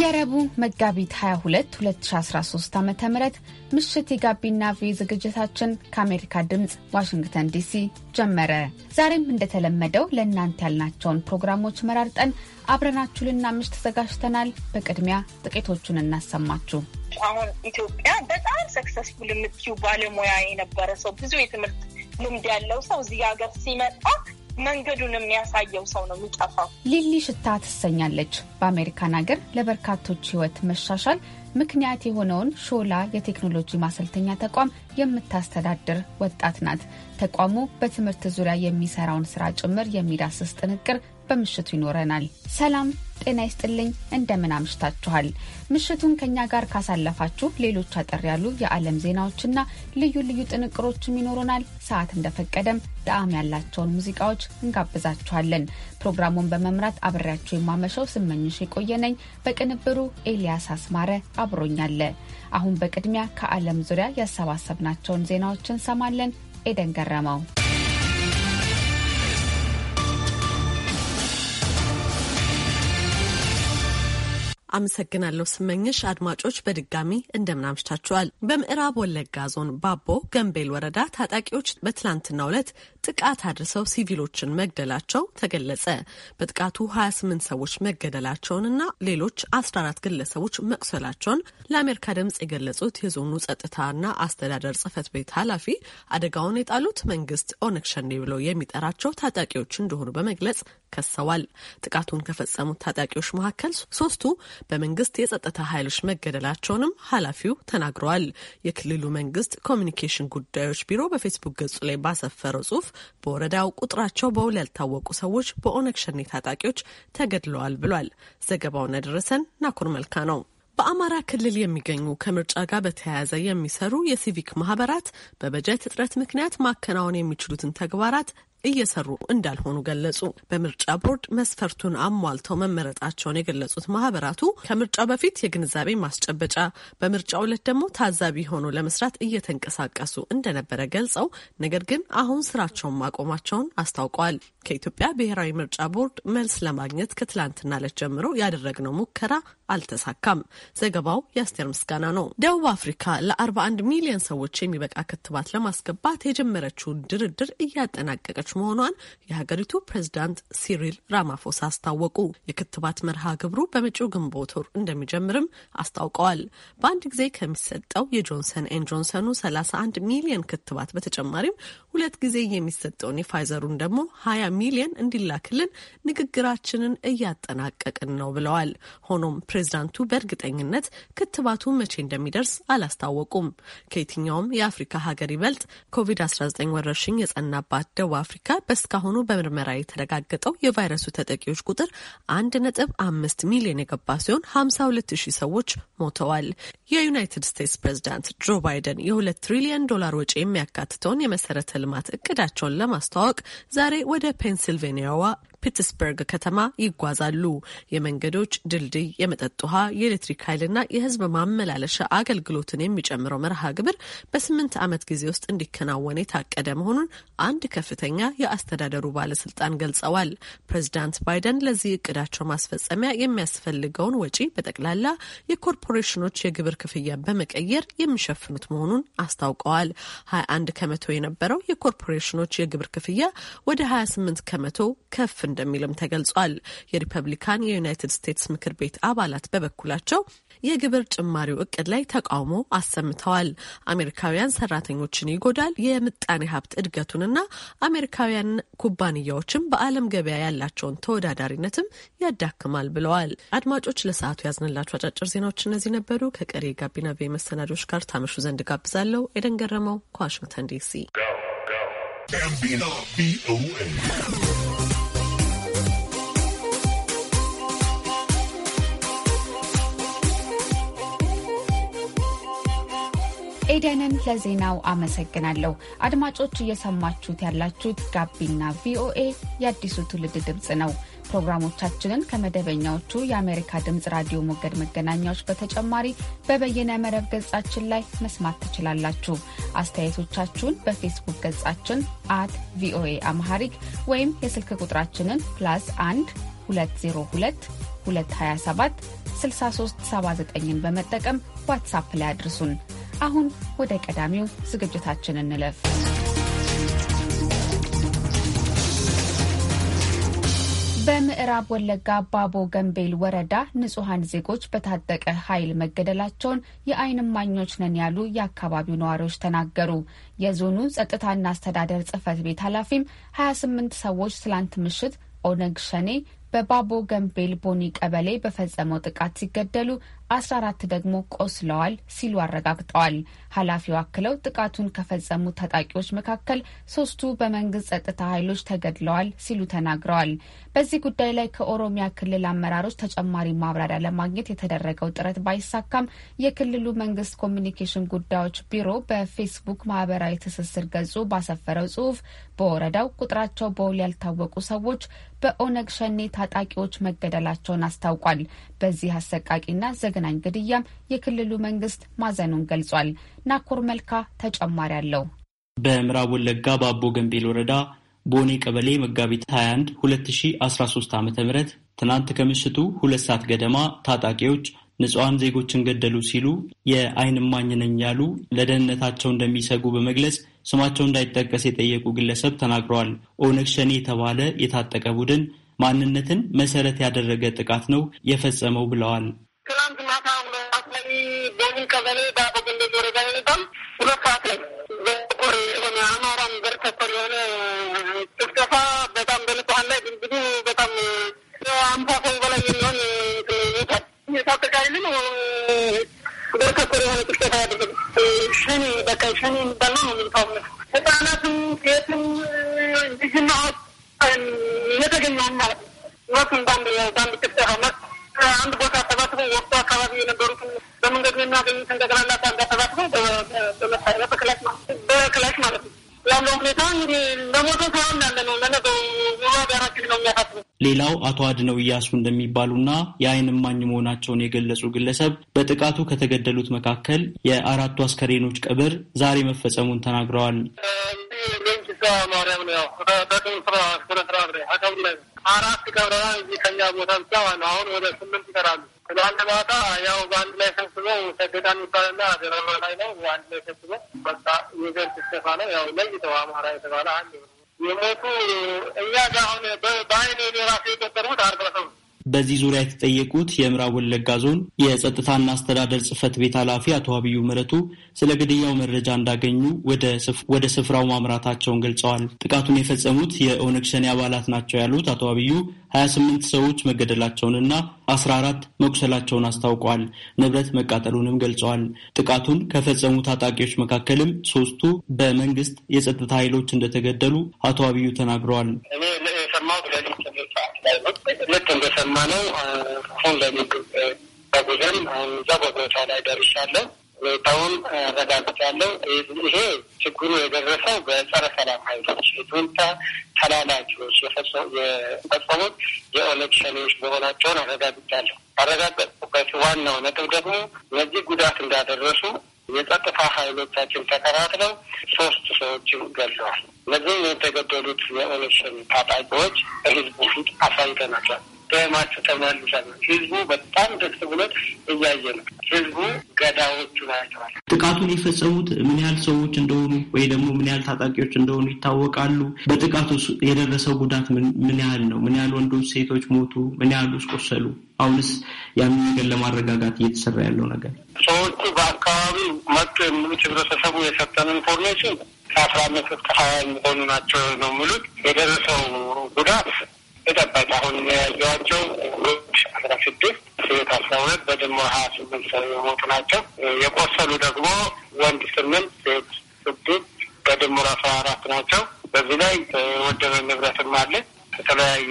የረቡ መጋቢት 22 2013 ዓ ም ምሽት የጋቢና ቪ ዝግጅታችን ከአሜሪካ ድምፅ ዋሽንግተን ዲሲ ጀመረ። ዛሬም እንደተለመደው ለእናንተ ያልናቸውን ፕሮግራሞች መራርጠን አብረናችሁ ልናምሽ ተዘጋጅተናል። በቅድሚያ ጥቂቶቹን እናሰማችሁ። አሁን ኢትዮጵያ በጣም ሰክሰስፉል የምትዩ ባለሙያ የነበረ ሰው ብዙ የትምህርት ልምድ ያለው ሰው እዚህ ሀገር ሲመጣ መንገዱን የሚያሳየው ሰው ነው የሚጠፋው። ሊሊ ሽታ ትሰኛለች። በአሜሪካን ሀገር ለበርካቶች ህይወት መሻሻል ምክንያት የሆነውን ሾላ የቴክኖሎጂ ማሰልተኛ ተቋም የምታስተዳድር ወጣት ናት። ተቋሙ በትምህርት ዙሪያ የሚሰራውን ስራ ጭምር የሚዳስስ ጥንቅር በምሽቱ ይኖረናል። ሰላም ጤና ይስጥልኝ። እንደምን አምሽታችኋል? ምሽቱን ከኛ ጋር ካሳለፋችሁ ሌሎች አጠር ያሉ የዓለም ዜናዎችና ልዩ ልዩ ጥንቅሮችም ይኖሩናል። ሰዓት እንደፈቀደም ጣዕም ያላቸውን ሙዚቃዎች እንጋብዛችኋለን። ፕሮግራሙን በመምራት አብሬያችሁ የማመሸው ስመኝሽ የቆየነኝ፣ በቅንብሩ ኤልያስ አስማረ አብሮኛለ። አሁን በቅድሚያ ከዓለም ዙሪያ ያሰባሰብናቸውን ዜናዎችን ሰማለን። ኤደን ገረመው አመሰግናለሁ ስመኝሽ። አድማጮች በድጋሚ እንደምናምሽታችኋል። በምዕራብ ወለጋ ዞን ባቦ ገንቤል ወረዳ ታጣቂዎች በትላንትናው ዕለት ጥቃት አድርሰው ሲቪሎችን መግደላቸው ተገለጸ። በጥቃቱ 28 ሰዎች መገደላቸውንና ሌሎች 14 ግለሰቦች መቁሰላቸውን ለአሜሪካ ድምጽ የገለጹት የዞኑ ጸጥታና አስተዳደር ጽህፈት ቤት ኃላፊ አደጋውን የጣሉት መንግስት ኦነግ ሸኔ ብለው የሚጠራቸው ታጣቂዎች እንደሆኑ በመግለጽ ከሰዋል። ጥቃቱን ከፈጸሙት ታጣቂዎች መካከል ሶስቱ በመንግስት የጸጥታ ኃይሎች መገደላቸውንም ኃላፊው ተናግረዋል። የክልሉ መንግስት ኮሚኒኬሽን ጉዳዮች ቢሮ በፌስቡክ ገጹ ላይ ባሰፈረው ጽሁፍ በወረዳው ቁጥራቸው በውል ያልታወቁ ሰዎች በኦነግ ሸኔ ታጣቂዎች ተገድለዋል ብሏል። ዘገባውን ያደረሰን ናኩር መልካ ነው። በአማራ ክልል የሚገኙ ከምርጫ ጋር በተያያዘ የሚሰሩ የሲቪክ ማህበራት በበጀት እጥረት ምክንያት ማከናወን የሚችሉትን ተግባራት እየሰሩ እንዳልሆኑ ገለጹ። በምርጫ ቦርድ መስፈርቱን አሟልተው መመረጣቸውን የገለጹት ማህበራቱ ከምርጫ በፊት የግንዛቤ ማስጨበጫ፣ በምርጫ ዕለት ደግሞ ታዛቢ ሆኖ ለመስራት እየተንቀሳቀሱ እንደነበረ ገልጸው ነገር ግን አሁን ስራቸውን ማቆማቸውን አስታውቀዋል። ከኢትዮጵያ ብሔራዊ ምርጫ ቦርድ መልስ ለማግኘት ከትላንትና ዕለት ጀምሮ ያደረግነው ሙከራ አልተሳካም። ዘገባው የአስቴር ምስጋና ነው። ደቡብ አፍሪካ ለ41 ሚሊዮን ሰዎች የሚበቃ ክትባት ለማስገባት የጀመረችውን ድርድር እያጠናቀቀች እየሰራች መሆኗን የሀገሪቱ ፕሬዝዳንት ሲሪል ራማፎሳ አስታወቁ። የክትባት መርሃ ግብሩ በመጪው ግንቦት ወር እንደሚጀምርም አስታውቀዋል። በአንድ ጊዜ ከሚሰጠው የጆንሰን ኤን ጆንሰኑ 31 ሚሊየን ክትባት በተጨማሪም ሁለት ጊዜ የሚሰጠውን የፋይዘሩን ደግሞ 20 ሚሊዮን እንዲላክልን ንግግራችንን እያጠናቀቅን ነው ብለዋል። ሆኖም ፕሬዝዳንቱ በእርግጠኝነት ክትባቱ መቼ እንደሚደርስ አላስታወቁም። ከየትኛውም የአፍሪካ ሀገር ይበልጥ ኮቪድ-19 ወረርሽኝ የጸናባት ደቡብ አፍሪካ አፍሪካ በእስካሁኑ በምርመራ የተረጋገጠው የቫይረሱ ተጠቂዎች ቁጥር አንድ ነጥብ አምስት ሚሊዮን የገባ ሲሆን ሀምሳ ሁለት ሺህ ሰዎች ሞተዋል። የዩናይትድ ስቴትስ ፕሬዚዳንት ጆ ባይደን የሁለት ትሪሊየን ዶላር ወጪ የሚያካትተውን የመሰረተ ልማት እቅዳቸውን ለማስተዋወቅ ዛሬ ወደ ፔንሲልቬኒያዋ ፒትስበርግ ከተማ ይጓዛሉ። የመንገዶች ድልድይ፣ የመጠጥ ውሃ፣ የኤሌክትሪክ ኃይልና የህዝብ ማመላለሻ አገልግሎትን የሚጨምረው መርሃ ግብር በስምንት ዓመት ጊዜ ውስጥ እንዲከናወን የታቀደ መሆኑን አንድ ከፍተኛ የአስተዳደሩ ባለስልጣን ገልጸዋል። ፕሬዚዳንት ባይደን ለዚህ እቅዳቸው ማስፈጸሚያ የሚያስፈልገውን ወጪ በጠቅላላ የኮርፖሬሽኖች የግብር ክፍያ በመቀየር የሚሸፍኑት መሆኑን አስታውቀዋል። 21 ከመቶ የነበረው የኮርፖሬሽኖች የግብር ክፍያ ወደ 28 ከመቶ ከፍ እንደሚልም ተገልጿል። የሪፐብሊካን የዩናይትድ ስቴትስ ምክር ቤት አባላት በበኩላቸው የግብር ጭማሪው እቅድ ላይ ተቃውሞ አሰምተዋል። አሜሪካውያን ሰራተኞችን ይጎዳል፣ የምጣኔ ሀብት እድገቱንና አሜሪካውያን ኩባንያዎችም በዓለም ገበያ ያላቸውን ተወዳዳሪነትም ያዳክማል ብለዋል። አድማጮች ለሰዓቱ ያዝንላቸው አጫጭር ዜናዎች እነዚህ ነበሩ። ከቀሪ ጋቢና ቤ መሰናዶች ጋር ታመሹ ዘንድ ጋብዛለሁ። ኤደን ገረመው ከዋሽንግተን ዲሲ ኤደንን ለዜናው አመሰግናለሁ። አድማጮች እየሰማችሁት ያላችሁት ጋቢና ቪኦኤ የአዲሱ ትውልድ ድምፅ ነው። ፕሮግራሞቻችንን ከመደበኛዎቹ የአሜሪካ ድምፅ ራዲዮ ሞገድ መገናኛዎች በተጨማሪ በበየነ መረብ ገጻችን ላይ መስማት ትችላላችሁ። አስተያየቶቻችሁን በፌስቡክ ገጻችን አት ቪኦኤ አምሃሪክ ወይም የስልክ ቁጥራችንን ፕላስ 1 202 227 6379ን በመጠቀም ዋትሳፕ ላይ አድርሱን። አሁን ወደ ቀዳሚው ዝግጅታችን እንለፍ። በምዕራብ ወለጋ ባቦ ገንቤል ወረዳ ንጹሐን ዜጎች በታጠቀ ኃይል መገደላቸውን የዓይን እማኞች ነን ያሉ የአካባቢው ነዋሪዎች ተናገሩ። የዞኑ ጸጥታና አስተዳደር ጽህፈት ቤት ኃላፊም 28 ሰዎች ትላንት ምሽት ኦነግ ሸኔ በባቦ ገንቤል ቦኒ ቀበሌ በፈጸመው ጥቃት ሲገደሉ አስራ አራት ደግሞ ቆስለዋል ሲሉ አረጋግጠዋል። ኃላፊው አክለው ጥቃቱን ከፈጸሙ ታጣቂዎች መካከል ሶስቱ በመንግስት ጸጥታ ኃይሎች ተገድለዋል ሲሉ ተናግረዋል። በዚህ ጉዳይ ላይ ከኦሮሚያ ክልል አመራሮች ተጨማሪ ማብራሪያ ለማግኘት የተደረገው ጥረት ባይሳካም የክልሉ መንግስት ኮሚኒኬሽን ጉዳዮች ቢሮ በፌስቡክ ማህበራዊ ትስስር ገጹ ባሰፈረው ጽሁፍ በወረዳው ቁጥራቸው በውል ያልታወቁ ሰዎች በኦነግ ሸኔ ታጣቂዎች መገደላቸውን አስታውቋል። በዚህ አሰቃቂና ዘግናኝ ግድያም የክልሉ መንግስት ማዘኑን ገልጿል። ናኮር መልካ ተጨማሪ አለው። በምዕራብ ወለጋ በአቦ ገንቤል ወረዳ ቦኔ ቀበሌ መጋቢት 21 2013 ዓ ም ትናንት ከምሽቱ ሁለት ሰዓት ገደማ ታጣቂዎች ንጹሐን ዜጎችን ገደሉ ሲሉ የአይን እማኝ ነኝ ያሉ ለደህንነታቸው እንደሚሰጉ በመግለጽ ስማቸው እንዳይጠቀስ የጠየቁ ግለሰብ ተናግረዋል። ኦነግ ሸኔ የተባለ የታጠቀ ቡድን ማንነትን መሰረት ያደረገ ጥቃት ነው የፈጸመው ብለዋል። ትናንት ማታ ቀበሌ ወረዳ የሚባል ሁለት ሰዓት ላይ በጥቁር የሆነ አማራን ዘር ተኮር የሆነ ጭፍጨፋ በጣም ላይ ብዙ በጣም አምሳ ሰው በላይ የሚሆን ዘር ተኮር የሆነ ጭፍጨፋ ያደረገ ሸኔ በቃ ሸኔ የሚባል ነው የሚታወቅ ህጻናትም፣ ሴትም ልጅና የተገኘውን ማለት እነሱም በአንድ በአንድ ጭፍጨፋ አንድ ቦታ ተሰባስበው ወቅቱ አካባቢ የነበሩትን በመንገዱ የሚያገኙትን ጠቅላላ አንዳ ተሰባስበው በመሳሪያ በክላሽ በክላሽ ማለት ነው ያለው ሁኔታ እንግዲህ ለሞቶ ሳይሆን ያለ ነው ለነገው ዋጋራችን ነው የሚያሳስበው። ሌላው አቶ አድነው እያሱ እንደሚባሉና የዓይን እማኝ መሆናቸውን የገለጹ ግለሰብ በጥቃቱ ከተገደሉት መካከል የአራቱ አስከሬኖች ቀብር ዛሬ መፈጸሙን ተናግረዋል። አራት ቀብረና እዚህ ከኛ ቦታ ብቻ ዋለ። አሁን ወደ ስምንት ይቀራሉ። ትላንት ማታ ያው በአንድ ላይ ሰብስበው ሰገዳ የሚባልና ደረባ ላይ ነው። በአንድ ላይ ሰብስበው በቃ የገር ስብሰባ ነው። ያው ለይተው አማራ የተባለ አንድ የሞቱ እኛ ጋር አሁን በአይን የራሴ ዶክተር ሙት አርግ በዚህ ዙሪያ የተጠየቁት የምዕራብ ወለጋ ዞን የጸጥታና አስተዳደር ጽህፈት ቤት ኃላፊ አቶ አብዩ ምረቱ ስለ ግድያው መረጃ እንዳገኙ ወደ ስፍራው ማምራታቸውን ገልጸዋል። ጥቃቱን የፈጸሙት የኦነግ ሸኔ አባላት ናቸው ያሉት አቶ አብዩ ሀያ ስምንት ሰዎች መገደላቸውንና አስራ አራት መቁሰላቸውን አስታውቀዋል። ንብረት መቃጠሉንም ገልጸዋል። ጥቃቱን ከፈጸሙ ታጣቂዎች መካከልም ሶስቱ በመንግስት የጸጥታ ኃይሎች እንደተገደሉ አቶ አብዩ ተናግረዋል። እንደሰማው ለሊት ስምንት ላይ ነው። ልክ እንደሰማ ነው አሁን ለምግብ ተጉዘን አሁን እዛ በቦታ ላይ ደርሻለሁ። ሁኔታውን አረጋግጫለሁ። ይሄ ችግሩ የደረሰው በጸረ ሰላም ኃይሎች የጁንታ ተላላኪዎች የፈጸሙት የኦነግ ሸኔዎች መሆናቸውን አረጋግጫለሁ። አረጋገጥኩበት ዋናው ነጥብ ደግሞ እነዚህ ጉዳት እንዳደረሱ የጸጥታ ኃይሎቻችን ተከራክለው ሶስት ሰዎችን ገለዋል። ለዚህም የተገደሉት የኦነግ ሸኔ ታጣቂዎች ህዝቡ ፊት አሳይተናቸዋል። በማቸው ተብላሉ ህዝቡ በጣም ደስ ብሎት እያየ ነው። ህዝቡ ገዳዎቹ ናቸዋል። ጥቃቱን የፈጸሙት ምን ያህል ሰዎች እንደሆኑ ወይ ደግሞ ምን ያህል ታጣቂዎች እንደሆኑ ይታወቃሉ? በጥቃቱ የደረሰው ጉዳት ምን ያህል ነው? ምን ያህል ወንዶች፣ ሴቶች ሞቱ? ምን ያህል ውስጥ ቆሰሉ? አሁንስ ያንን ነገር ለማረጋጋት እየተሰራ ያለው ነገር ሰዎቹ በአካባቢ መጡ የሚሉት ህብረተሰቡ የሰጠን ኢንፎርሜሽን ከአስራ አምስት እስከ ሀያ የሚሆኑ ናቸው ነው የሚሉት የደረሰው ጉዳት ተጠባቂ አሁን የያዟቸው አስራ ስድስት ሴት አስራ ሁለት በድምሩ ሀያ ስምንት ሰው የሞቱ ናቸው። የቆሰሉ ደግሞ ወንድ ስምንት ሴት ስድስት በድምሩ አስራ አራት ናቸው። በዚህ ላይ የወደመ ንብረትም አለ ከተለያየ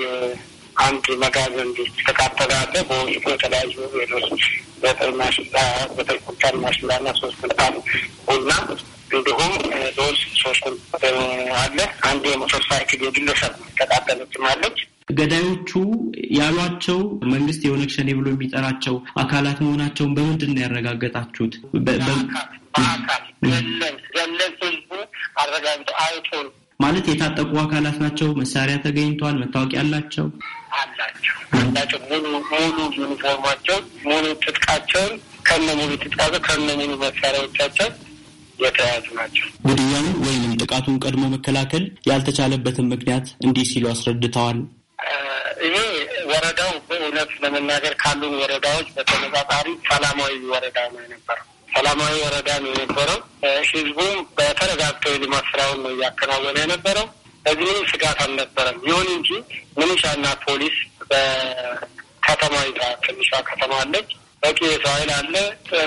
አንድ መጋዘን ተቃጠለ አለ። በውስጡ የተለያዩ ሌሎች ዘጠኝ ማሽላ ዘጠኝ ኩንታል ማሽላ ና ሶስት ኩንታል ቡና እንዲሁም ሎዝ ሶስት አለ። አንድ የሞተር ሳይክል የግለሰብ ተቃጠለችም አለች። ገዳዮቹ ያሏቸው መንግስት የኦነግ ሸኔ ብሎ የሚጠራቸው አካላት መሆናቸውን በምንድን ነው ያረጋገጣችሁት? በአካል አረጋግጦ አይቶን ማለት የታጠቁ አካላት ናቸው። መሳሪያ ተገኝቷል። መታወቂያ አላቸው አላቸው ሙሉ ሙሉ ዩኒፎርማቸውን ሙሉ ትጥቃቸውን ከነ ሙሉ ትጥቃቸው ከነ ሙሉ መሳሪያዎቻቸው የተያዙ ናቸው። ግድያውን ወይም ጥቃቱን ቀድሞ መከላከል ያልተቻለበትን ምክንያት እንዲህ ሲሉ አስረድተዋል። እኔ ወረዳው በእውነት ለመናገር ካሉን ወረዳዎች በተመጣጣሪ ሰላማዊ ወረዳ ነው የነበረው። ሰላማዊ ወረዳ ነው የነበረው። ህዝቡም በተረጋግተው የልማት ስራውን ነው እያከናወነ የነበረው። በዚህም ስጋት አልነበረም። ይሁን እንጂ ምንሻና ፖሊስ በከተማ ትንሿ ከተማ አለች፣ በቂ የሰው ኃይል አለ፣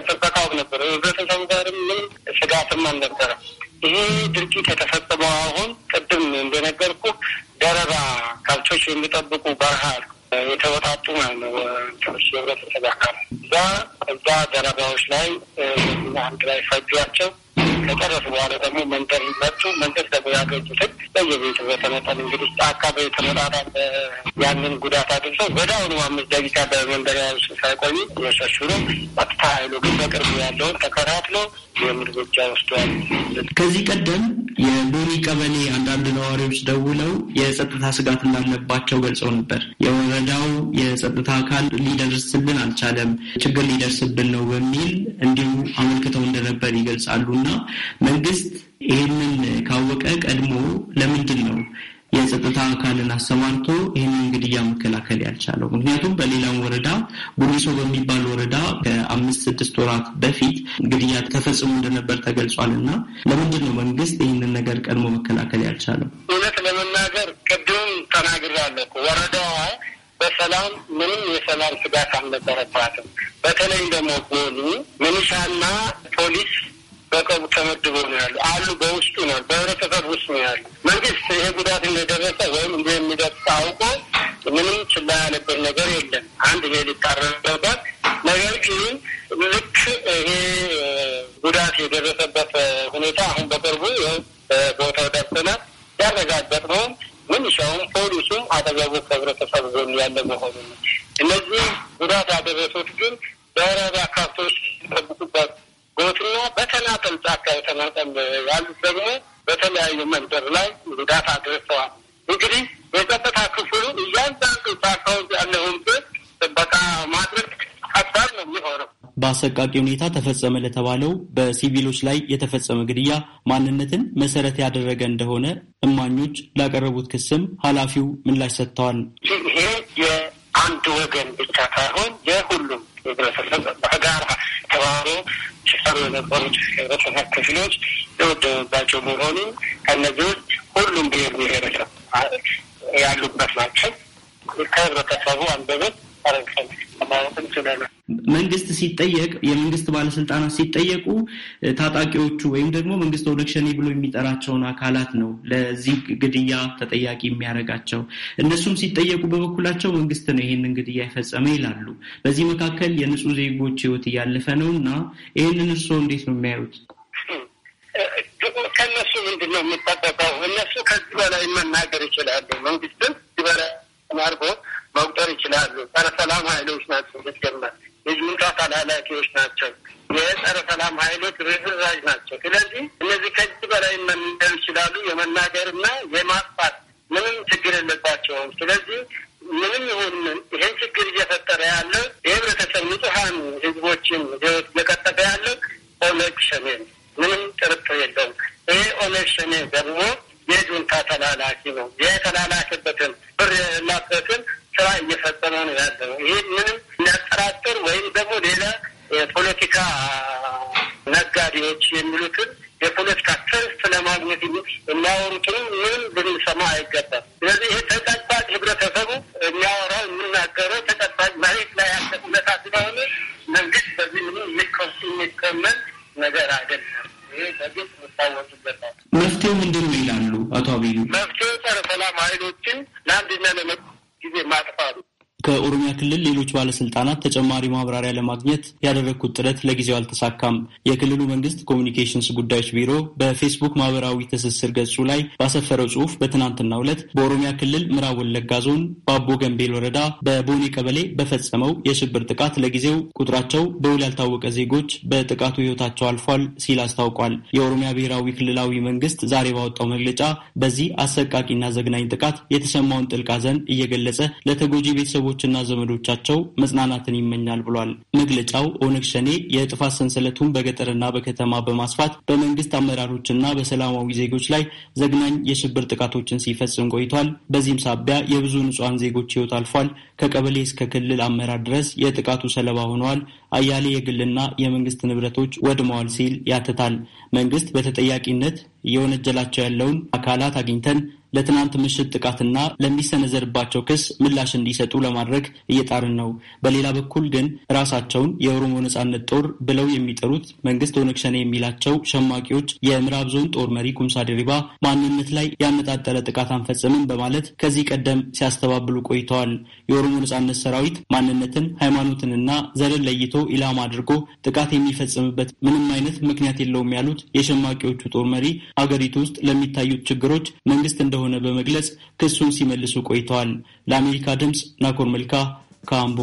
ጥበቃውም ነበረ። ህብረተሰቡ ጋርም ምንም ስጋትም አልነበረም። ይህ ድርጊት የተፈጸመው አሁን ቅድም እንደነገርኩ ደረባ ከብቶች የሚጠብቁ በረሃ የተወጣጡ ማለት ነው ቶች የህብረተሰብ አካል እዛ እዛ ደረባዎች ላይ አንድ ላይ ፈጇቸው። ከጨረሱ በኋላ ደግሞ መንደር መጡ። መንደር ደግሞ ያገኙትን በየቤቱ በተመጠን እንግዲህ አካባቢ በተመጣጣን ያንን ጉዳት አድርሰው ወዲያውኑ አምስት ደቂቃ በመንደሪያ ሳይቆዩ የሸሹ ነው። ቀጥታ ኃይሉ ግን በቅርቡ ያለውን ተከታትሎ የም እርምጃ ከዚህ ቀደም የቦኒ ቀበሌ አንዳንድ ነዋሪዎች ደውለው የጸጥታ ስጋት እንዳለባቸው ገልጸው ነበር። የወረዳው የጸጥታ አካል ሊደርስልን አልቻለም፣ ችግር ሊደርስብን ነው በሚል እንዲሁ አመልክተው እንደነበር ይገልጻሉ እና መንግስት ይህንን ካወቀ ቀድሞ ለምንድን ነው የጸጥታ አካልን አሰማርቶ ይህንን ግድያ መከላከል ያልቻለው። ምክንያቱም በሌላም ወረዳ ጉሚሶ በሚባል ወረዳ ከአምስት ስድስት ወራት በፊት ግድያ ተፈጽሞ እንደነበር ተገልጿል እና ለምንድን ነው መንግስት ይህንን ነገር ቀድሞ መከላከል ያልቻለው? እውነት ለመናገር ቅድም ተናግራለሁ። ወረዳዋ በሰላም ምንም የሰላም ስጋት አልነበረባትም። በተለይ ደግሞ ጎኑ ምንሻና ፖሊስ በቅርቡ ተመድቦ ነው ያሉ አሉ። በውስጡ ነው በህብረተሰብ ውስጥ ነው ያሉ። መንግስት ይሄ ጉዳት እንደደረሰ ወይም እንዲ የሚደርስ አውቆ ምንም ችላ ያለበት ነገር የለም። አንድ ይሄ ሊታረበት ነገር ግን ልክ ይሄ ጉዳት የደረሰበት ሁኔታ አሁን በቅርቡ ቦታው ደርሰና ያረጋገጥ ነው ምን ምንሻውም ፖሊሱም አጠገቡ ከህብረተሰብ ዞን ያለ መሆኑ ነው። እነዚህ ጉዳት ያደረሱት ግን በረዳ ካፍቶች ጠብቁበት ጎትና በተናጠል ጫካ የተናጠል ያሉት ደግሞ በተለያዩ መንደር ላይ ጉዳት አድርሰዋል። እንግዲህ የጸጥታ ክፍሉ እያንዳንዱ ጫካ ውስጥ ያለውን ጥበቃ ማድረግ ከባድ ነው የሚሆነው። በአሰቃቂ ሁኔታ ተፈጸመ ለተባለው በሲቪሎች ላይ የተፈጸመ ግድያ ማንነትን መሰረት ያደረገ እንደሆነ እማኞች ላቀረቡት ክስም ኃላፊው ምላሽ ሰጥተዋል። ይሄ የአንድ ወገን ብቻ ሳይሆን የሁሉም ህብረተሰብ በጋራ ተባብሮ ሲሰሩ የነበሩት ህብረተሰብ ክፍሎች የወደመባቸው መሆኑ ከነዚህ ሁሉም ብሄር ብሄረሰብ ያሉበት ናቸው። ከህብረተሰቡ አንደበት ረሰብ ማለትም ችለናል። መንግስት ሲጠየቅ የመንግስት ባለስልጣናት ሲጠየቁ ታጣቂዎቹ ወይም ደግሞ መንግስት ኦነግ ሸኔ ብሎ የሚጠራቸውን አካላት ነው ለዚህ ግድያ ተጠያቂ የሚያደርጋቸው። እነሱም ሲጠየቁ በበኩላቸው መንግስት ነው ይህንን ግድያ የፈጸመ ይላሉ። በዚህ መካከል የንጹህ ዜጎች ህይወት እያለፈ ነው እና ይህንን እርስዎ እንዴት ነው የሚያዩት? ከእነሱ ምንድን ነው የምጠበቀው? እነሱ ከዚህ በላይ መናገር ይችላሉ። መንግስትም ከዚህ በላይ አድርጎ መቁጠር ይችላሉ። ጸረ ሰላም ኃይሎች ናቸው ልትገመት የጁንታ ተላላኪዎች ናቸው፣ የጸረ ሰላም ኃይሎች ርዝራዥ ናቸው። ስለዚህ እነዚህ ከዚህ በላይ መናገር ይችላሉ። የመናገርና የማጥፋት ክልል ሌሎች ባለስልጣናት ተጨማሪ ማብራሪያ ለማግኘት ያደረግኩት ጥረት ለጊዜው አልተሳካም። የክልሉ መንግስት ኮሚኒኬሽንስ ጉዳዮች ቢሮ በፌስቡክ ማህበራዊ ትስስር ገጹ ላይ ባሰፈረው ጽሁፍ በትናንትናው ዕለት በኦሮሚያ ክልል ምዕራብ ወለጋ ዞን በአቦ ገንቤል ወረዳ በቦኔ ቀበሌ በፈጸመው የሽብር ጥቃት ለጊዜው ቁጥራቸው በውል ያልታወቀ ዜጎች በጥቃቱ ህይወታቸው አልፏል ሲል አስታውቋል። የኦሮሚያ ብሔራዊ ክልላዊ መንግስት ዛሬ ባወጣው መግለጫ በዚህ አሰቃቂና ዘግናኝ ጥቃት የተሰማውን ጥልቅ ሐዘን እየገለጸ ለተጎጂ ቤተሰቦችና ዘመዶ በወኪሎቻቸው መጽናናትን ይመኛል ብሏል። መግለጫው ኦነግ ሸኔ የጥፋት ሰንሰለቱን በገጠርና በከተማ በማስፋት በመንግስት አመራሮችና በሰላማዊ ዜጎች ላይ ዘግናኝ የሽብር ጥቃቶችን ሲፈጽም ቆይቷል። በዚህም ሳቢያ የብዙ ንጹሐን ዜጎች ህይወት አልፏል። ከቀበሌ እስከ ክልል አመራር ድረስ የጥቃቱ ሰለባ ሆነዋል። አያሌ የግልና የመንግስት ንብረቶች ወድመዋል ሲል ያትታል። መንግስት በተጠያቂነት እየወነጀላቸው ያለውን አካላት አግኝተን ለትናንት ምሽት ጥቃትና ለሚሰነዘርባቸው ክስ ምላሽ እንዲሰጡ ለማድረግ እየጣርን ነው። በሌላ በኩል ግን ራሳቸውን የኦሮሞ ነጻነት ጦር ብለው የሚጠሩት መንግስት ኦነግ ሸኔ የሚላቸው ሸማቂዎች የምዕራብ ዞን ጦር መሪ ኩምሳ ድሪባ ማንነት ላይ ያነጣጠረ ጥቃት አንፈጽምም በማለት ከዚህ ቀደም ሲያስተባብሉ ቆይተዋል። የኦሮሞ ነጻነት ሰራዊት ማንነትን፣ ሃይማኖትንና ዘርን ለይቶ ኢላማ አድርጎ ጥቃት የሚፈጽምበት ምንም አይነት ምክንያት የለውም ያሉት የሸማቂዎቹ ጦር መሪ አገሪቱ ውስጥ ለሚታዩት ችግሮች መንግስት እንደ እንደሆነ በመግለጽ ክሱን ሲመልሱ ቆይተዋል። ለአሜሪካ ድምፅ ናኮር መልካ ካምቦ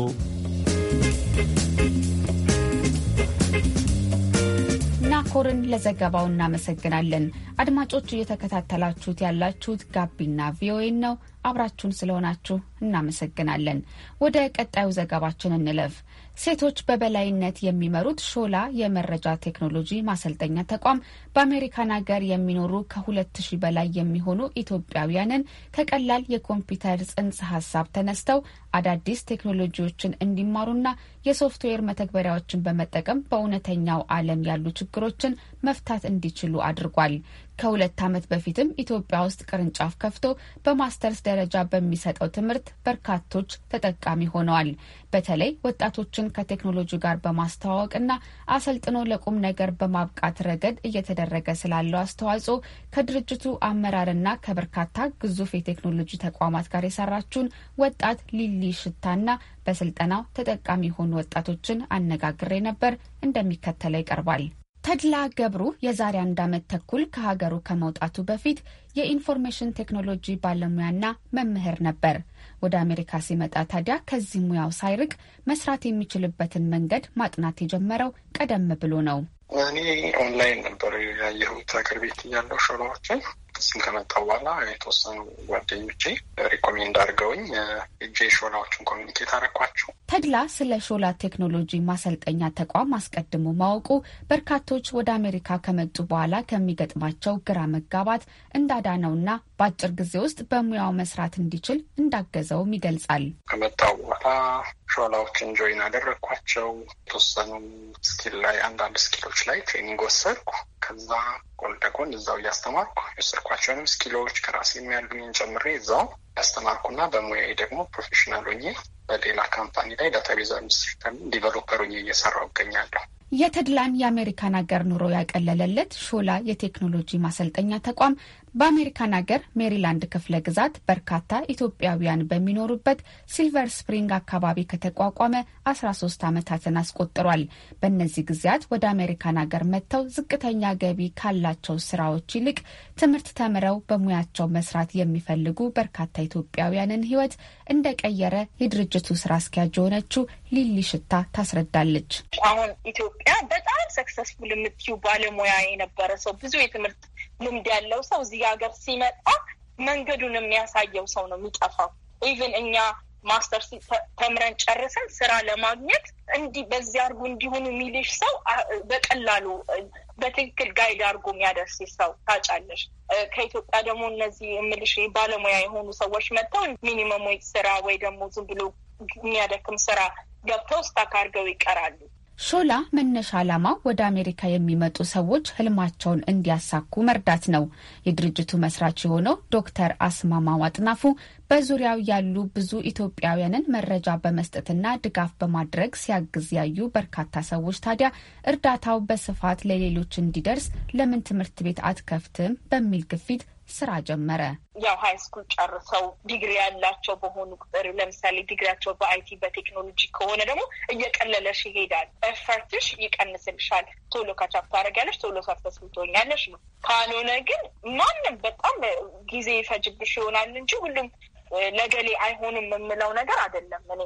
ናኮርን ለዘገባው እናመሰግናለን። አድማጮቹ እየተከታተላችሁት ያላችሁት ጋቢና ቪኦኤ ነው። አብራችሁን ስለሆናችሁ እናመሰግናለን። ወደ ቀጣዩ ዘገባችን እንለፍ። ሴቶች በበላይነት የሚመሩት ሾላ የመረጃ ቴክኖሎጂ ማሰልጠኛ ተቋም በአሜሪካን ሀገር የሚኖሩ ከሁለት ሺህ በላይ የሚሆኑ ኢትዮጵያውያንን ከቀላል የኮምፒውተር ጽንሰ ሀሳብ ተነስተው አዳዲስ ቴክኖሎጂዎችን እንዲማሩና የሶፍትዌር መተግበሪያዎችን በመጠቀም በእውነተኛው ዓለም ያሉ ችግሮችን መፍታት እንዲችሉ አድርጓል። ከሁለት ዓመት በፊትም ኢትዮጵያ ውስጥ ቅርንጫፍ ከፍቶ በማስተርስ ደረጃ በሚሰጠው ትምህርት በርካቶች ተጠቃሚ ሆነዋል። በተለይ ወጣቶችን ከቴክኖሎጂ ጋር በማስተዋወቅና አሰልጥኖ ለቁም ነገር በማብቃት ረገድ እየተደረ እያደረገ ስላለው አስተዋጽኦ ከድርጅቱ አመራርና ከበርካታ ግዙፍ የቴክኖሎጂ ተቋማት ጋር የሰራችውን ወጣት ሊሊ ሽታና በስልጠናው ተጠቃሚ የሆኑ ወጣቶችን አነጋግሬ ነበር። እንደሚከተለው ይቀርባል። ተድላ ገብሩ የዛሬ አንድ ዓመት ተኩል ከሀገሩ ከመውጣቱ በፊት የኢንፎርሜሽን ቴክኖሎጂ ባለሙያና መምህር ነበር። ወደ አሜሪካ ሲመጣ ታዲያ ከዚህ ሙያው ሳይርቅ መስራት የሚችልበትን መንገድ ማጥናት የጀመረው ቀደም ብሎ ነው። እኔ ኦንላይን ነበር ያየሁት ሀገር ቤት እያለው ሾሎዎችን ስም ከመጣ በኋላ የተወሰኑ ጓደኞቼ ሪኮሜንድ አድርገውኝ እጄ ሾላዎችን ኮሚኒኬት አረኳቸው። ተድላ ስለ ሾላ ቴክኖሎጂ ማሰልጠኛ ተቋም አስቀድሞ ማወቁ በርካቶች ወደ አሜሪካ ከመጡ በኋላ ከሚገጥማቸው ግራ መጋባት እንዳዳነውና በአጭር ጊዜ ውስጥ በሙያው መስራት እንዲችል እንዳገዘውም ይገልጻል። ከመጣው በኋላ ሾላዎችን ጆይን አደረግኳቸው። የተወሰኑ ስኪል ላይ አንዳንድ ስኪሎች ላይ ትሬኒንግ ወሰድኩ። ከዛ ጎን ለጎን እዛው እያስተማርኩ የወሰድኳቸውንም ስኪሎች ከራሴ የሚያሉኝን ጨምሬ እዛው ያስተማርኩና በሙያዬ ደግሞ ፕሮፌሽናል ሆኜ በሌላ ካምፓኒ ላይ ዳታቤዝ አድሚኒስትሬተር ዲቨሎፐር ሆኜ እየሰራሁ እገኛለሁ። የተድላን የአሜሪካን ሀገር ኑሮ ያቀለለለት ሾላ የቴክኖሎጂ ማሰልጠኛ ተቋም በአሜሪካን ሀገር ሜሪላንድ ክፍለ ግዛት በርካታ ኢትዮጵያውያን በሚኖሩበት ሲልቨር ስፕሪንግ አካባቢ ከተቋቋመ 13 ዓመታትን አስቆጥሯል። በእነዚህ ጊዜያት ወደ አሜሪካን ሀገር መጥተው ዝቅተኛ ገቢ ካላቸው ስራዎች ይልቅ ትምህርት ተምረው በሙያቸው መስራት የሚፈልጉ በርካታ ኢትዮጵያውያንን ሕይወት እንደቀየረ የድርጅቱ ስራ አስኪያጅ የሆነችው ሊሊ ሽታ ታስረዳለች። አሁን ኢትዮጵያ በጣም ሰክሰስፉል የምትዩ ባለሙያ የነበረ ሰው ብዙ የትምህርት ልምድ ያለው ሰው እዚህ ሀገር ሲመጣ መንገዱን የሚያሳየው ሰው ነው የሚጠፋው። ኢቨን እኛ ማስተር ተምረን ጨርሰን ስራ ለማግኘት እንዲህ በዚህ አርጉ እንዲሆኑ የሚልሽ ሰው በቀላሉ በትክክል ጋይድ አርጎ የሚያደርስ ሰው ታጫለሽ። ከኢትዮጵያ ደግሞ እነዚህ የምልሽ ባለሙያ የሆኑ ሰዎች መጥተው ሚኒመም ወይ ስራ ወይ ደግሞ ዝም ብሎ የሚያደክም ስራ ገብተው ስታክ አድርገው ይቀራሉ። ሾላ መነሻ ዓላማው ወደ አሜሪካ የሚመጡ ሰዎች ህልማቸውን እንዲያሳኩ መርዳት ነው። የድርጅቱ መስራች የሆነው ዶክተር አስማማው አጥናፉ በዙሪያው ያሉ ብዙ ኢትዮጵያውያንን መረጃ በመስጠትና ድጋፍ በማድረግ ሲያግዝ ያዩ በርካታ ሰዎች ታዲያ እርዳታው በስፋት ለሌሎች እንዲደርስ ለምን ትምህርት ቤት አትከፍትም በሚል ግፊት ስራ ጀመረ። ያው ሀይ ስኩል ጨርሰው ዲግሪ ያላቸው በሆኑ ቁጥር ለምሳሌ ዲግሪያቸው በአይቲ በቴክኖሎጂ ከሆነ ደግሞ እየቀለለሽ ይሄዳል። ኤፈርትሽ ይቀንስልሻል። ቶሎ ካቻፕ ታደርጊያለሽ፣ ቶሎ ሰክሰስፉል ትሆኛለሽ ነው። ካልሆነ ግን ማንም በጣም ጊዜ ይፈጅብሽ ይሆናል እንጂ ሁሉም ለገሌ አይሆንም የምለው ነገር አይደለም። እኔ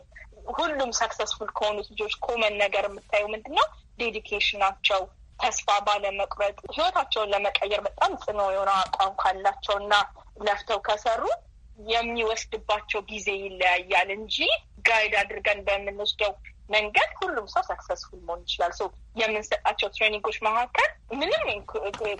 ሁሉም ሰክሰስፉል ከሆኑት ልጆች ኮመን ነገር የምታየው ምንድን ነው ዴዲኬሽናቸው ተስፋ ባለመቁረጥ ህይወታቸውን ለመቀየር በጣም ጽኖ የሆነ አቋም ካላቸው ለፍተው ከሰሩ የሚወስድባቸው ጊዜ ይለያያል እንጂ ጋይድ አድርገን በምንወስደው መንገድ ሁሉም ሰው ሰክሰስፉል መሆን ይችላል። ሰው የምንሰጣቸው ትሬኒንጎች መካከል ምንም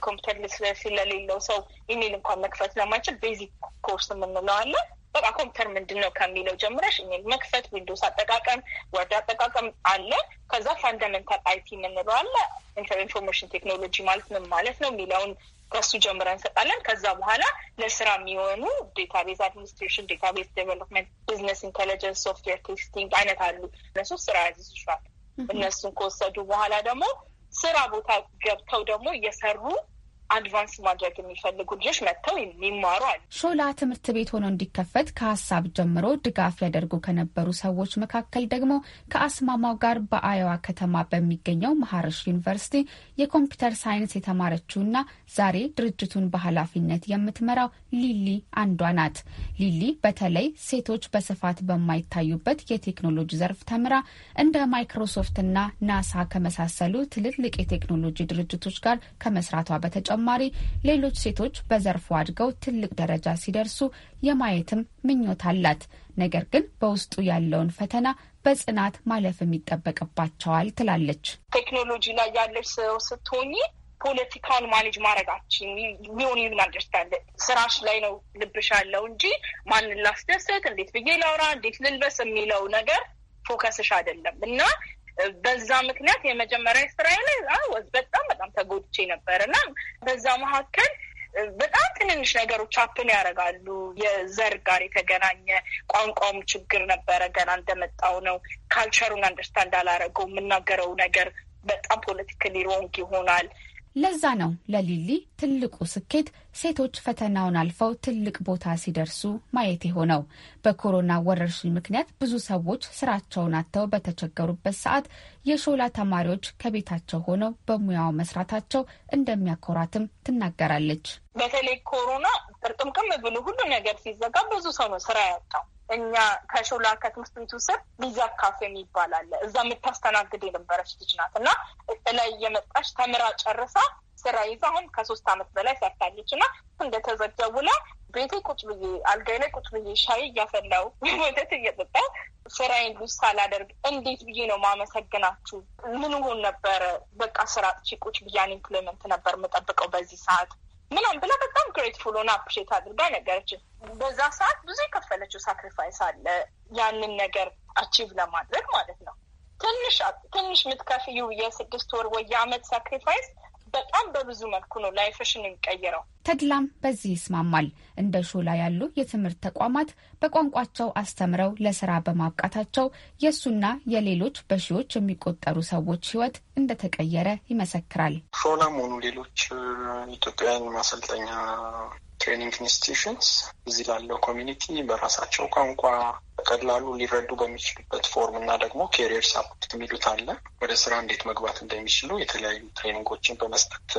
ኮምፒውተር ስለሌለው ሰው ኢሜል እንኳን መክፈት ለማይችል ቤዚክ ኮርስ የምንለዋለን ኮምፒውተር ምንድን ነው ከሚለው ጀምረሽ ኢሜል መክፈት፣ ዊንዶስ አጠቃቀም፣ ወርድ አጠቃቀም አለ። ከዛ ፋንዳመንታል አይቲ የምንለው አለ። ኢንፎርሜሽን ቴክኖሎጂ ማለት ምን ማለት ነው የሚለውን ከሱ ጀምረ እንሰጣለን። ከዛ በኋላ ለስራ የሚሆኑ ዴታቤዝ አድሚኒስትሬሽን፣ ዴታቤዝ ዴቨሎፕመንት፣ ቢዝነስ ኢንቴሊጀንስ፣ ሶፍትዌር ቴስቲንግ አይነት አሉ። እነሱ ስራ ያዝዙሻል። እነሱን ከወሰዱ በኋላ ደግሞ ስራ ቦታ ገብተው ደግሞ እየሰሩ አድቫንስ ማድረግ የሚፈልጉ ልጆች መጥተው የሚማሩ አሉ። ሾላ ትምህርት ቤት ሆኖ እንዲከፈት ከሀሳብ ጀምሮ ድጋፍ ያደርጉ ከነበሩ ሰዎች መካከል ደግሞ ከአስማማው ጋር በአዮዋ ከተማ በሚገኘው መሀረሽ ዩኒቨርሲቲ የኮምፒውተር ሳይንስ የተማረችውና ዛሬ ድርጅቱን በኃላፊነት የምትመራው ሊሊ አንዷ ናት። ሊሊ በተለይ ሴቶች በስፋት በማይታዩበት የቴክኖሎጂ ዘርፍ ተምራ እንደ ማይክሮሶፍት ናሳ ከመሳሰሉ ትልልቅ የቴክኖሎጂ ድርጅቶች ጋር ከመስራቷ በተጨማ በተጨማሪ ሌሎች ሴቶች በዘርፉ አድገው ትልቅ ደረጃ ሲደርሱ የማየትም ምኞት አላት። ነገር ግን በውስጡ ያለውን ፈተና በጽናት ማለፍም ይጠበቅባቸዋል ትላለች። ቴክኖሎጂ ላይ ያለች ሰው ስትሆኚ ፖለቲካውን ማኔጅ ማድረጋችን ሊሆን ይብን ደርሳለ ስራሽ ላይ ነው ልብሽ ያለው እንጂ ማንን ላስደሰት፣ እንዴት ብዬ ላውራ፣ እንዴት ልልበስ የሚለው ነገር ፎከስሽ አይደለም እና በዛ ምክንያት የመጀመሪያ ስራዬ ላይ በጣም በጣም ተጎድቼ ነበር እና በዛ መካከል በጣም ትንንሽ ነገሮች አፕን ያደርጋሉ። የዘር ጋር የተገናኘ ቋንቋውም ችግር ነበረ። ገና እንደመጣው ነው። ካልቸሩን አንደርስታንድ አላረገው። የምናገረው ነገር በጣም ፖለቲካሊ ሮንግ ይሆናል። ለዛ ነው ለሊሊ ትልቁ ስኬት ሴቶች ፈተናውን አልፈው ትልቅ ቦታ ሲደርሱ ማየት የሆነው። በኮሮና ወረርሽኝ ምክንያት ብዙ ሰዎች ስራቸውን አጥተው በተቸገሩበት ሰዓት የሾላ ተማሪዎች ከቤታቸው ሆነው በሙያው መስራታቸው እንደሚያኮራትም ትናገራለች። በተለይ ኮሮና ጥርቅምቅም ብሎ ሁሉ ነገር ሲዘጋ ብዙ ሰው ነው ስራ ያጣው። እኛ ከሾላ ከትምህርት ቤቱ ስር ሊዛ ካፌ የሚባል አለ። እዛ የምታስተናግድ የነበረች ልጅ ናት እና ላይ እየመጣች ተምራ ጨርሳ ስራ ይዛ አሁን ከሶስት አመት በላይ ሰርታለች እና እንደተዘጋ ውላ ቤቴ ቁጭ ብዬ አልጋይ ላይ ቁጭ ብዬ ሻይ እያፈላው ወተት እየጠጣው ስራዬን ሉዝ ሳላደርግ እንዴት ብዬ ነው ማመሰግናችሁ? ምን ሆን ነበረ? በቃ ስራ ቁጭ ብዬ አንኢምፕሎይመንት ነበር የምጠብቀው በዚህ ሰዓት ምናምን ብላ በጣም ግሬትፉል ሆና አፕሼት አድርጋ ነገረችን። በዛ ሰዓት ብዙ የከፈለችው ሳክሪፋይስ አለ ያንን ነገር አቺቭ ለማድረግ ማለት ነው። ትንሽ ትንሽ የምትከፍዩ የስድስት ወር ወይ የአመት ሳክሪፋይስ በጣም በብዙ መልኩ ነው ላይፍሽን የሚቀይረው። ተድላም በዚህ ይስማማል። እንደ ሾላ ያሉ የትምህርት ተቋማት በቋንቋቸው አስተምረው ለስራ በማብቃታቸው የእሱና የሌሎች በሺዎች የሚቆጠሩ ሰዎች ሕይወት እንደተቀየረ ይመሰክራል። ሾላም ሆኑ ሌሎች ኢትዮጵያውያን ማሰልጠኛ ትሬኒንግ ኢንስቲትዩሽንስ እዚህ ላለው ኮሚኒቲ በራሳቸው ቋንቋ በቀላሉ ሊረዱ በሚችሉበት ፎርም እና ደግሞ ኬሪየር ሳፖርት የሚሉት አለ። ወደ ስራ እንዴት መግባት እንደሚችሉ የተለያዩ ትሬኒንጎችን በመስጠት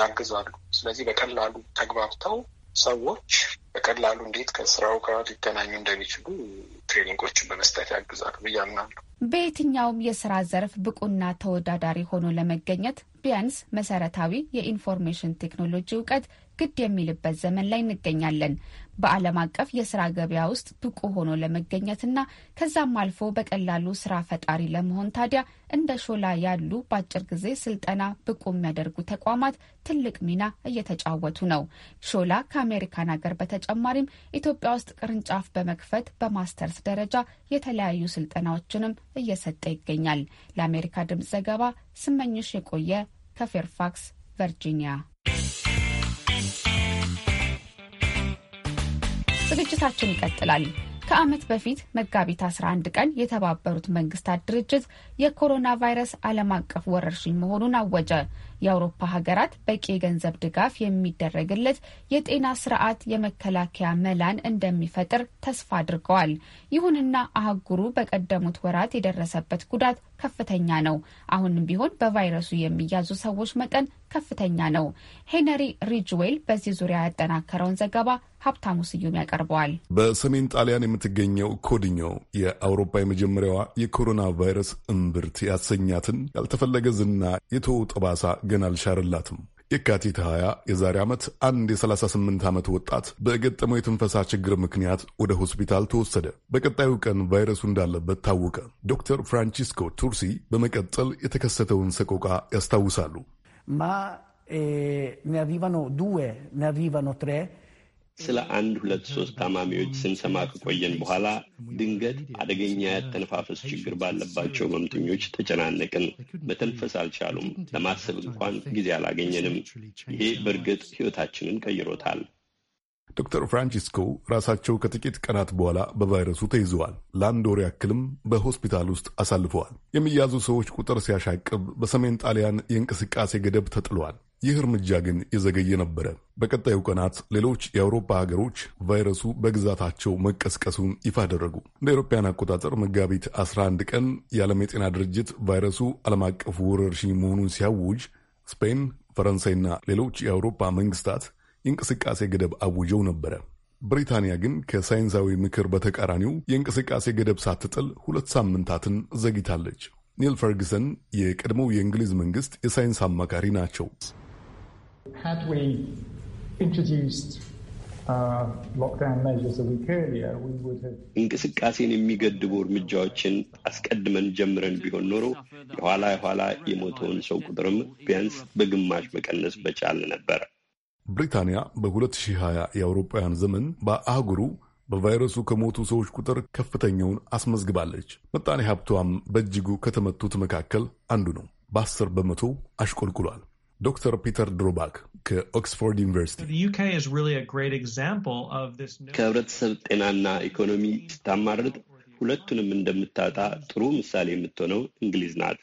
ያግዛሉ። ስለዚህ በቀላሉ ተግባብተው ሰዎች በቀላሉ እንዴት ከስራው ጋር ሊገናኙ እንደሚችሉ ትሬኒንጎችን በመስጠት ያግዛሉ ብዬ አምናለሁ። በየትኛውም የስራ ዘርፍ ብቁና ተወዳዳሪ ሆኖ ለመገኘት ቢያንስ መሰረታዊ የኢንፎርሜሽን ቴክኖሎጂ እውቀት ግድ የሚልበት ዘመን ላይ እንገኛለን። በዓለም አቀፍ የስራ ገበያ ውስጥ ብቁ ሆኖ ለመገኘትና ከዛም አልፎ በቀላሉ ስራ ፈጣሪ ለመሆን ታዲያ እንደ ሾላ ያሉ በአጭር ጊዜ ስልጠና ብቁ የሚያደርጉ ተቋማት ትልቅ ሚና እየተጫወቱ ነው። ሾላ ከአሜሪካን ሀገር በተጨማሪም ኢትዮጵያ ውስጥ ቅርንጫፍ በመክፈት በማስተርስ ደረጃ የተለያዩ ስልጠናዎችንም እየሰጠ ይገኛል። ለአሜሪካ ድምፅ ዘገባ ስመኝሽ የቆየ ከፌርፋክስ ቨርጂኒያ ዝግጅታችን ይቀጥላል። ከዓመት በፊት መጋቢት 11 ቀን የተባበሩት መንግስታት ድርጅት የኮሮና ቫይረስ ዓለም አቀፍ ወረርሽኝ መሆኑን አወጀ። የአውሮፓ ሀገራት በቂ የገንዘብ ድጋፍ የሚደረግለት የጤና ስርዓት የመከላከያ መላን እንደሚፈጥር ተስፋ አድርገዋል። ይሁንና አህጉሩ በቀደሙት ወራት የደረሰበት ጉዳት ከፍተኛ ነው። አሁንም ቢሆን በቫይረሱ የሚያዙ ሰዎች መጠን ከፍተኛ ነው። ሄነሪ ሪጅዌል በዚህ ዙሪያ ያጠናከረውን ዘገባ ሀብታሙ ስዩም ያቀርበዋል። በሰሜን ጣሊያን የምትገኘው ኮድኞ የአውሮፓ የመጀመሪያዋ የኮሮና ቫይረስ እምብርት ያሰኛትን ያልተፈለገ ዝና የተወ ጠባሳ ግን አልሻርላትም። የካቲት 20 የዛሬ ዓመት አንድ የ38 ዓመት ወጣት በገጠመው የትንፈሳ ችግር ምክንያት ወደ ሆስፒታል ተወሰደ። በቀጣዩ ቀን ቫይረሱ እንዳለበት ታወቀ። ዶክተር ፍራንቺስኮ ቱርሲ በመቀጠል የተከሰተውን ሰቆቃ ያስታውሳሉ። ማ ዱዌ ትሬ ስለ አንድ ሁለት ሶስት ታማሚዎች ስንሰማ ከቆየን በኋላ ድንገት አደገኛ ያተነፋፈስ ችግር ባለባቸው ህመምተኞች ተጨናነቅን። መተንፈስ አልቻሉም። ለማሰብ እንኳን ጊዜ አላገኘንም። ይሄ በእርግጥ ህይወታችንን ቀይሮታል። ዶክተር ፍራንቺስኮ ራሳቸው ከጥቂት ቀናት በኋላ በቫይረሱ ተይዘዋል። ለአንድ ወር ያክልም በሆስፒታል ውስጥ አሳልፈዋል። የሚያዙ ሰዎች ቁጥር ሲያሻቅብ በሰሜን ጣሊያን የእንቅስቃሴ ገደብ ተጥሏል። ይህ እርምጃ ግን የዘገየ ነበረ። በቀጣዩ ቀናት ሌሎች የአውሮፓ ሀገሮች ቫይረሱ በግዛታቸው መቀስቀሱን ይፋ አደረጉ። እንደ አውሮፓውያን አቆጣጠር መጋቢት 11 ቀን የዓለም የጤና ድርጅት ቫይረሱ ዓለም አቀፉ ወረርሽኝ መሆኑን ሲያውጅ ስፔን፣ ፈረንሳይና ሌሎች የአውሮፓ መንግስታት የእንቅስቃሴ ገደብ አውጀው ነበረ። ብሪታንያ ግን ከሳይንሳዊ ምክር በተቃራኒው የእንቅስቃሴ ገደብ ሳትጥል ሁለት ሳምንታትን ዘግይታለች። ኒል ፈርግሰን የቀድሞው የእንግሊዝ መንግስት የሳይንስ አማካሪ ናቸው። had we introduced uh, እንቅስቃሴን የሚገድቡ እርምጃዎችን አስቀድመን ጀምረን ቢሆን ኖሮ የኋላ የኋላ የሞተውን ሰው ቁጥርም ቢያንስ በግማሽ መቀነስ በቻል ነበር። ብሪታንያ በ2020 የአውሮፓውያን ዘመን በአህጉሩ በቫይረሱ ከሞቱ ሰዎች ቁጥር ከፍተኛውን አስመዝግባለች። ምጣኔ ሀብቷም በእጅጉ ከተመቱት መካከል አንዱ ነው። በአስር በመቶ አሽቆልቁሏል። ዶክተር ፒተር ድሮባክ ከኦክስፎርድ ዩኒቨርሲቲ ከህብረተሰብ ጤናና ኢኮኖሚ ስታማርጥ ሁለቱንም እንደምታጣ ጥሩ ምሳሌ የምትሆነው እንግሊዝ ናት።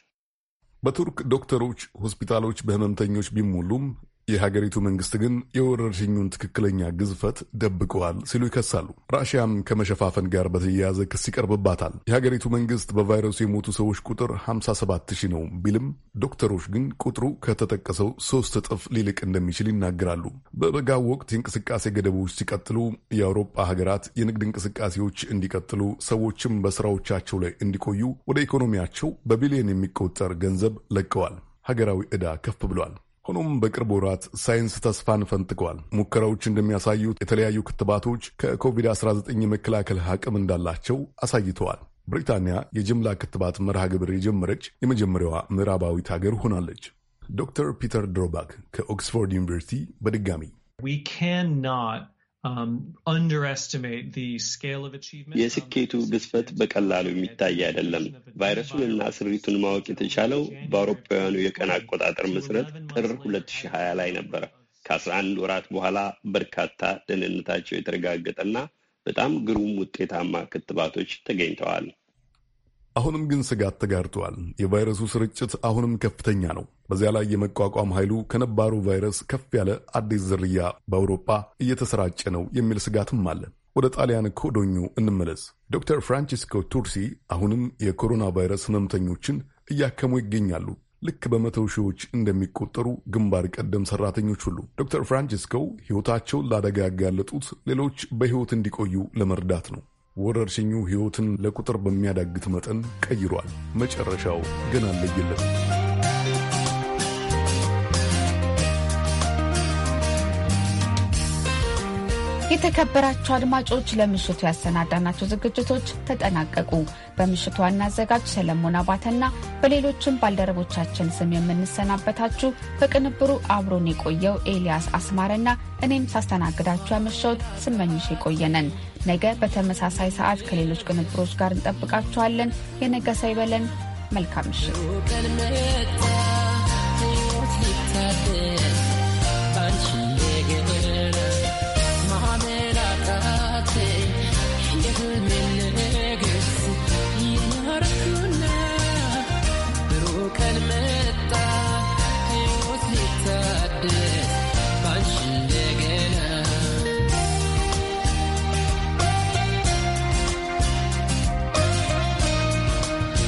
በቱርክ ዶክተሮች ሆስፒታሎች በህመምተኞች ቢሞሉም የሀገሪቱ መንግስት ግን የወረርሽኙን ትክክለኛ ግዝፈት ደብቀዋል ሲሉ ይከሳሉ። ራሽያም ከመሸፋፈን ጋር በተያያዘ ክስ ይቀርብባታል። የሀገሪቱ መንግስት በቫይረሱ የሞቱ ሰዎች ቁጥር 57 ሺህ ነው ቢልም ዶክተሮች ግን ቁጥሩ ከተጠቀሰው ሶስት እጥፍ ሊልቅ እንደሚችል ይናገራሉ። በበጋው ወቅት የእንቅስቃሴ ገደቦች ሲቀጥሉ የአውሮፓ ሀገራት የንግድ እንቅስቃሴዎች እንዲቀጥሉ፣ ሰዎችም በስራዎቻቸው ላይ እንዲቆዩ ወደ ኢኮኖሚያቸው በቢሊዮን የሚቆጠር ገንዘብ ለቀዋል። ሀገራዊ ዕዳ ከፍ ብሏል። ሆኖም በቅርብ ወራት ሳይንስ ተስፋን ፈንጥቋል። ሙከራዎች እንደሚያሳዩት የተለያዩ ክትባቶች ከኮቪድ-19 የመከላከል አቅም እንዳላቸው አሳይተዋል። ብሪታንያ የጅምላ ክትባት መርሃ ግብር የጀመረች የመጀመሪያዋ ምዕራባዊት ሀገር ሆናለች። ዶክተር ፒተር ድሮባክ ከኦክስፎርድ ዩኒቨርሲቲ በድጋሚ Um, የስኬቱ ግዝፈት በቀላሉ የሚታይ አይደለም። ቫይረሱንና ስሪቱን ማወቅ የተቻለው በአውሮፓውያኑ የቀን አቆጣጠር መሰረት ጥር 2020 ላይ ነበረ። ከ11 ወራት በኋላ በርካታ ደህንነታቸው የተረጋገጠና በጣም ግሩም ውጤታማ ክትባቶች ተገኝተዋል። አሁንም ግን ስጋት ተጋርጧል። የቫይረሱ ስርጭት አሁንም ከፍተኛ ነው። በዚያ ላይ የመቋቋም ኃይሉ ከነባሩ ቫይረስ ከፍ ያለ አዲስ ዝርያ በአውሮፓ እየተሰራጨ ነው የሚል ስጋትም አለ። ወደ ጣሊያን ኮዶኞ እንመለስ። ዶክተር ፍራንቺስኮ ቱርሲ አሁንም የኮሮና ቫይረስ ህመምተኞችን እያከሙ ይገኛሉ። ልክ በመቶ ሺዎች እንደሚቆጠሩ ግንባር ቀደም ሰራተኞች ሁሉ ዶክተር ፍራንቺስኮ ሕይወታቸውን ላደጋ ያጋለጡት ሌሎች በሕይወት እንዲቆዩ ለመርዳት ነው። ወረርሽኙ ሕይወትን ለቁጥር በሚያዳግት መጠን ቀይሯል። መጨረሻው ገና አለየለም። የተከበራቸው አድማጮች ለምሽቱ ያሰናዳናቸው ዝግጅቶች ተጠናቀቁ። በምሽቱ ዋና አዘጋጅ ሰለሞን አባተና በሌሎችም ባልደረቦቻችን ስም የምንሰናበታችሁ በቅንብሩ አብሮን የቆየው ኤልያስ አስማረና እኔም ሳስተናግዳችሁ ያመሸሁት ስመኝሽ የቆየነን ነገ በተመሳሳይ ሰዓት ከሌሎች ቅንብሮች ጋር እንጠብቃችኋለን። የነገ ሰው ይበለን። መልካም ምሽት።